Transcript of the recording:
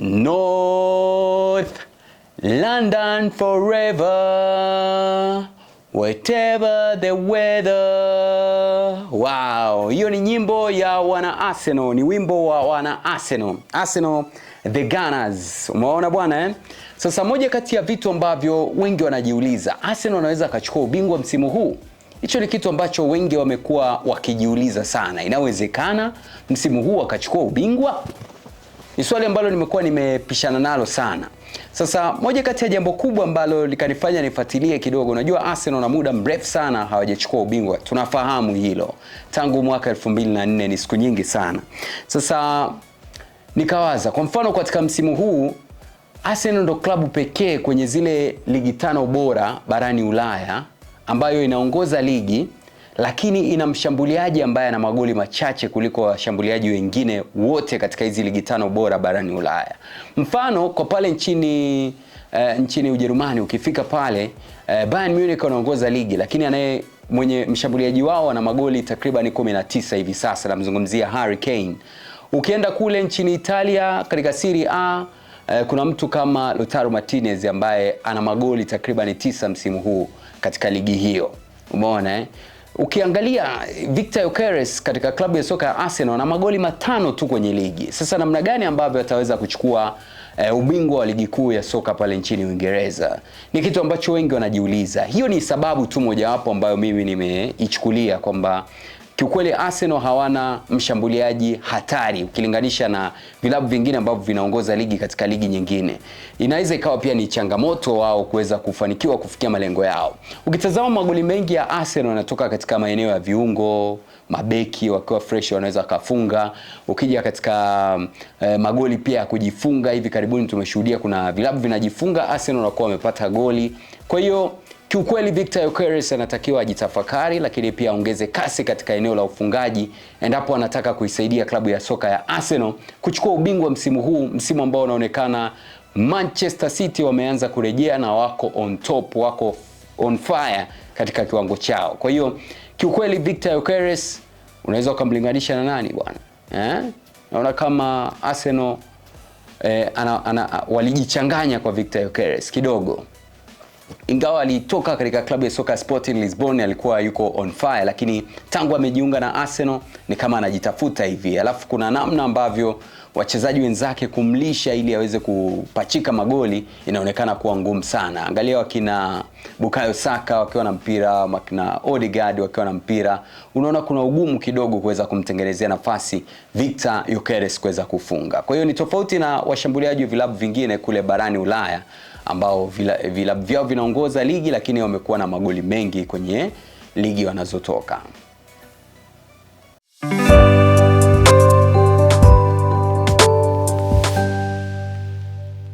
North London forever whatever the weather. Wow, hiyo ni nyimbo ya wana Arsenal, ni wimbo wa wana Arsenal. Arsenal the Gunners. Umeona bwana eh? Sasa moja kati ya vitu ambavyo wengi wanajiuliza, Arsenal anaweza akachukua ubingwa msimu huu? Hicho ni kitu ambacho wengi wamekuwa wakijiuliza sana. Inawezekana msimu huu akachukua ubingwa? Ni swali ambalo nimekuwa nimepishana nalo sana. Sasa moja kati ya jambo kubwa ambalo likanifanya nifuatilie kidogo, najua Arsenal na muda mrefu sana hawajachukua ubingwa, tunafahamu hilo, tangu mwaka 2004 ni siku nyingi sana. Sasa nikawaza, kwa mfano katika msimu huu Arsenal ndo klabu pekee kwenye zile ligi tano bora barani Ulaya ambayo inaongoza ligi lakini ina mshambuliaji ambaye ana magoli machache kuliko washambuliaji wengine wote katika hizi ligi tano bora barani Ulaya. Mfano kwa pale nchini uh, nchini Ujerumani ukifika pale uh, Bayern Munich anaongoza ligi lakini anaye mwenye mshambuliaji wao ana magoli takriban 19 hivi sasa, namzungumzia Harry Kane. Ukienda kule nchini Italia katika Serie A eh, kuna mtu kama Lautaro Martinez ambaye ana magoli takriban 9 msimu huu katika ligi hiyo. Umeona eh? Ukiangalia Victor Gyökeres katika klabu ya soka ya Arsenal na magoli matano tu kwenye ligi. Sasa namna gani ambavyo ataweza kuchukua e, ubingwa wa ligi kuu ya soka pale nchini Uingereza ni kitu ambacho wengi wanajiuliza. Hiyo ni sababu tu mojawapo ambayo mimi nimeichukulia kwamba Kiukweli Arsenal hawana mshambuliaji hatari ukilinganisha na vilabu vingine ambavyo vinaongoza ligi katika ligi nyingine. Inaweza ikawa pia ni changamoto wao kuweza kufanikiwa kufikia malengo yao. Ukitazama magoli mengi ya Arsenal yanatoka katika maeneo ya viungo, mabeki wakiwa fresh wanaweza wakafunga. Ukija katika eh, magoli pia ya kujifunga, hivi karibuni tumeshuhudia kuna vilabu vinajifunga, Arsenal wanakuwa wamepata goli. Kwa hiyo Kiukweli Victor Yokeres anatakiwa ajitafakari, lakini pia aongeze kasi katika eneo la ufungaji endapo anataka kuisaidia klabu ya soka ya Arsenal kuchukua ubingwa msimu huu, msimu ambao unaonekana Manchester City wameanza kurejea na wako on top, wako on fire katika kiwango chao. Kwa hiyo kiukweli Victor Yokeres unaweza ukamlinganisha na nani bwana eh? Naona kama Arsenal eh, ana, ana, walijichanganya kwa Victor Yokeres kidogo ingawa alitoka katika klabu ya soka Sporting Lisbon, alikuwa yuko on fire, lakini tangu amejiunga na Arsenal ni kama anajitafuta hivi, alafu kuna namna ambavyo wachezaji wenzake kumlisha ili aweze kupachika magoli inaonekana kuwa ngumu sana. Angalia wakina Bukayo Saka wakiwa na mpira, wakina Odegaard wakiwa na mpira, unaona kuna ugumu kidogo kuweza kumtengenezea nafasi Victor yokeres kuweza kufunga. Kwa hiyo ni tofauti na washambuliaji wa vilabu vingine kule barani Ulaya ambao vilabu eh, vyao vinaongoza ligi, lakini wamekuwa na magoli mengi kwenye ligi wanazotoka.